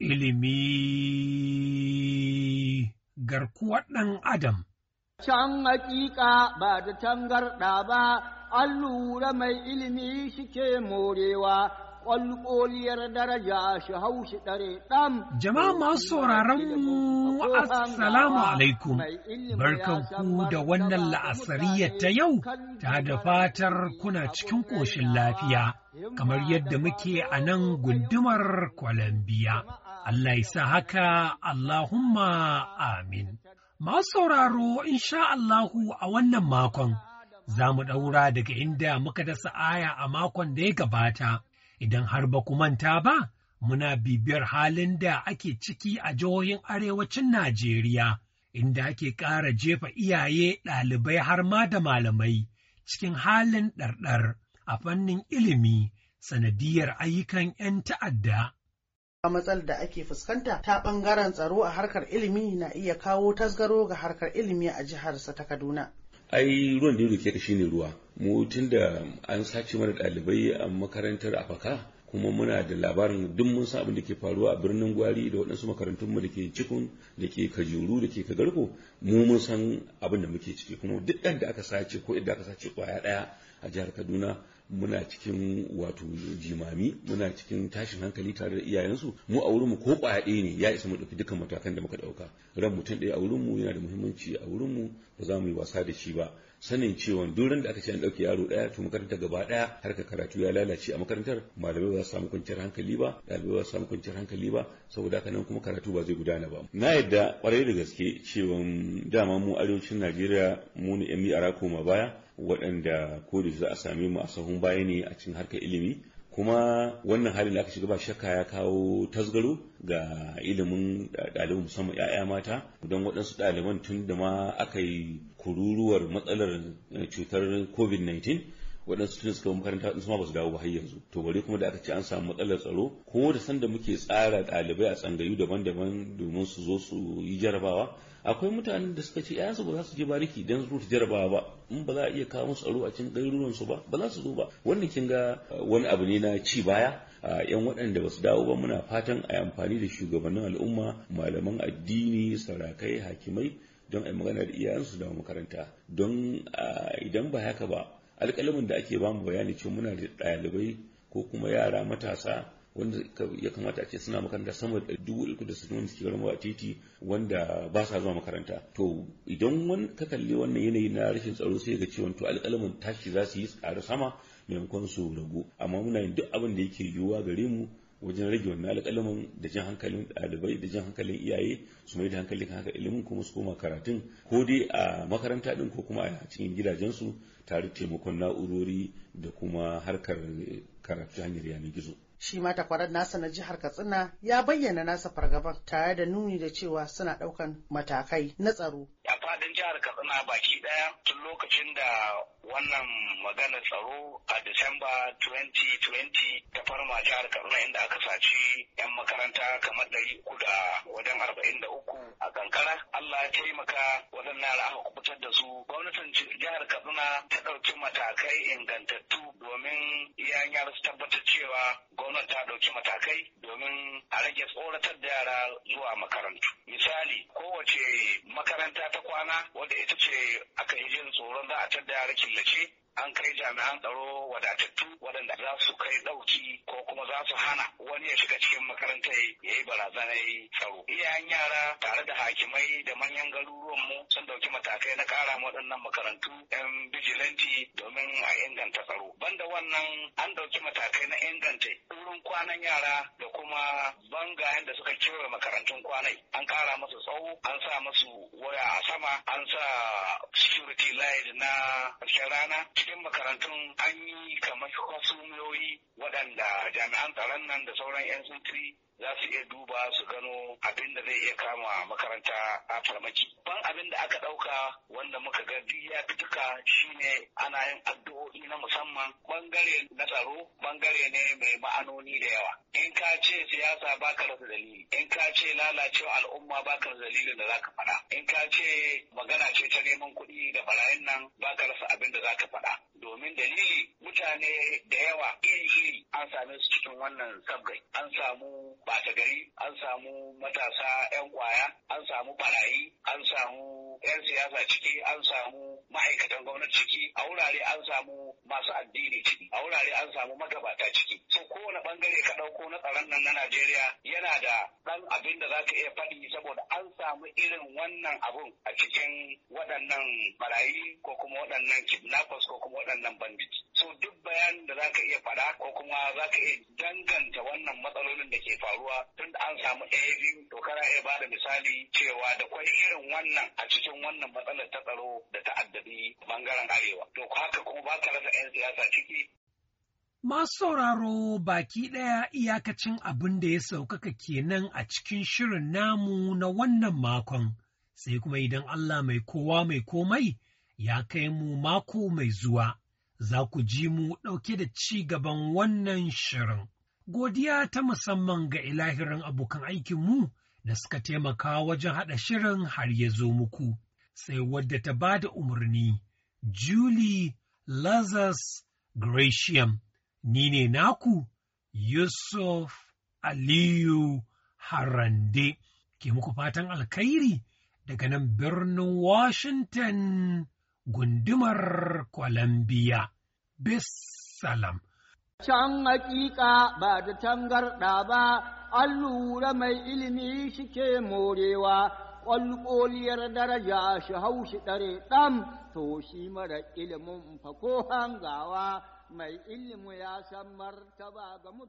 ilimi garkuwar ɗan Adam. Can hakika ba da tangarɗa ba, an lura mai ilimi shike morewa, ƙwalƙoliyar daraja shi hau shi ɗare ɗan. Jama'a masu sauraron mu, assalamu alaikum, barkanku da wannan la'asariya ta yau, ta da fatar kuna cikin ƙoshin lafiya, kamar yadda muke a nan gundumar kwalambiya. Allah ya sa haka Allahumma amin. Masu sauraro insha Allahu a wannan makon za mu ɗaura daga inda muka dasa aya a makon da ya gabata idan har ba ku manta ba muna bibiyar halin da ake ciki a jihohin arewacin Najeriya inda ake ƙara jefa iyaye ɗalibai har ma da malamai cikin halin ɗarɗar a fannin ilimi sanadiyar ayyukan 'yan ta'adda. matsalar da ake fuskanta ta bangaren tsaro a harkar ilimi na iya kawo tasgaro ga harkar ilimi a jiharsa ta kaduna ai ruwan da ya shi ne ruwa mu tun an sace mana ɗalibai a makarantar afaka kuma muna da labarin duk mun san abin da ke faruwa a birnin gwari da waɗansu makarantunmu da ke cikun da ke kajuru da ke kagarko mu mun san abin da muke ciki kuma duk da aka sace ko idan aka sace kwaya ɗaya a jihar kaduna muna cikin wato jimami muna cikin tashin hankali tare da iyayensu mu a wurinmu ko kwaɗe ne ya isa mu ɗauki dukkan matakan da muka ɗauka ran mutum ɗaya a wurinmu yana da muhimmanci a wurinmu ba za mu yi wasa da shi ba sanin cewa duran da aka ce an ɗauke yaro ɗaya to makaranta gaba ɗaya harka karatu ya lalace a makarantar malamai ba su samu kwanciyar hankali ba ɗalibai ba su samu kwanciyar hankali ba saboda haka nan kuma karatu ba zai gudana ba na yadda kwarai da gaske cewa dama mu arewacin najeriya mu ne yan mi'ara koma baya waɗanda ko da za a sami mu a sahun baya ne a cikin harkar ilimi kuma wannan halin da aka shiga ba shakka ya kawo tasgaro ga ilimin ɗaliban musamman 'ya'ya mata don waɗansu ɗaliban tun da ma aka yi kururuwar matsalar eh, cutar covid-19 waɗansu tun suka makaranta su ma ba su dawo ba har yanzu to bari kuma da aka ce an samu matsalar tsaro ko da sanda muke tsara ɗalibai a tsangayu daban-daban domin su zo su yi jarabawa akwai mutanen da suka ce yayansu ba za su je bariki dan su jarrabawa ba in ba za a iya kawo musu tsaro a cikin garuruwan su ba ba za su zo ba wannan kin ga uh, wani abu ne na ci baya a uh, yan waɗanda ba su dawo ba muna fatan a yi amfani da shugabannin al'umma malaman addini sarakai hakimai don a yi magana da iyayensu da makaranta don uh, idan ba haka ba alƙalamin da ake bamu bayani cewa muna da ɗalibai ko kuma yara matasa wanda ya kamata a ce suna makaranta sama da dubu uku da sittin wanda suke garin a titi wanda ba sa zuwa makaranta to idan wani ka kalli wannan yanayi na rashin tsaro sai ga cewa to alƙalamin tashi za su yi tsari sama maimakon su ragu amma muna yin duk abin da yake yiwuwa gare mu wajen rage wannan alƙalamin da jan hankalin ɗalibai da jan hankalin iyaye su mai da hankali kan haka ilimin kuma su koma karatun ko dai a makaranta ɗin ko kuma a cikin gidajensu tare taimakon na'urori da kuma harkar karatu hanyar yanar gizo. shi ma takwarar nasa na jihar katsina ya bayyana nasa fargaban tare da nuni da cewa suna ɗaukan matakai na tsaro fadin jihar Katsina baki ɗaya tun lokacin da wannan maganar tsaro a Disamba 2020 ta farma jihar Katsina inda aka saci 'yan makaranta kamar ɗari uku da wajen arba'in da uku a kankara. Allah ya taimaka wajen na aka kubutar da su. Gwamnatin jihar Katsina ta ɗauki matakai ingantattu domin iyayen su tabbatar cewa gwamnati ta ɗauki matakai domin a rage tsoratar da yara zuwa makarantu. Misali kowace makaranta ta kwa rana wanda ita ce aka yi jin tsoron za a tadda yara killace an kai jami'an tsaro wadatattu waɗanda za su kai ɗauki ko kuma za su hana wani ya shiga cikin makarantar ya yi barazanar tsaro. Iyayen yara tare da hakimai da manyan garuruwan mu sun ɗauki matakai na ƙara waɗannan makarantu 'yan bijilanti domin a inganta tsaro. Wannan an ɗauki matakai na inganta wurin kwanan yara da kuma bangayen da suka kewaye makarantun kwanai an kara musu tsawo an sa masu waya a sama an sa security light na ƙarshen rana cikin makarantun an yi hukumomi waɗanda jami'an tsaron nan da sauran 'yan sintiri za su iya duba su gano abin da zai iya kama makaranta a farmaki. Ban abin da aka ɗauka wanda muka ga duk ya fi duka shine ana yin addu'o'i na musamman bangare na tsaro bangare ne mai ma'anoni da yawa. In ka ce siyasa baka rasa dalili, in ka ce lalacewa al'umma baka rasa dalilin da zaka faɗa, in ka ce magana ce ta neman kuɗi da barayin nan baka rasa abin da zaka faɗa. Domin dalili mutane da yawa iri-iri an same su cikin wannan sabgai an samu bata gari an samu matasa 'yan kwaya an samu barayi an samu 'yan siyasa ciki an samu ma'aikatan gwamnati ciki a wurare an samu masu addini ciki a wurare an samu magabata ciki so kowane bangare ka dauko na tsaron nan na najeriya yana da ɗan abin da za ka iya faɗi saboda an samu irin wannan abun a cikin waɗannan barayi ko kuma waɗannan kidnappers ko kuma waɗannan bandit so duk bayanin da za ka iya faɗa ko kuma za ka iya danganta wannan matsalolin da ke faruwa tun da an samu ɗaya biyu to kana iya bada misali cewa da kwai irin wannan a cikin wannan matsalar ta tsaro da ta addabi bangaren arewa to haka kuma ba ka rasa 'yan siyasa ciki Masu sauraro baki ɗaya iyakacin abin da ya sauƙaƙa kenan a cikin shirin namu na wannan makon, sai kuma idan Allah mai kowa mai komai ya kai mu mako mai zuwa, za ku ji mu ɗauke da ci gaban wannan shirin. Godiya ta musamman ga ilahirin abokan aikinmu da suka taimaka wajen haɗa shirin har ya zo muku, sai wadda ta ba da umarni, Julie Lazarus Gratiam, ni ne naku Yusuf Aliyu Harande, ke muku fatan alkhairi daga nan birnin Washington. gundumar Kolambiya, bissalam Can hakika ba da tangarɗa ba, an lura mai ilimi shi ke morewa, ƙwalƙoliyar daraja shi haushi ɗare ɗan, to shi mara ilimin fa ko hangawa mai ilimi ya san martaba ga mutum.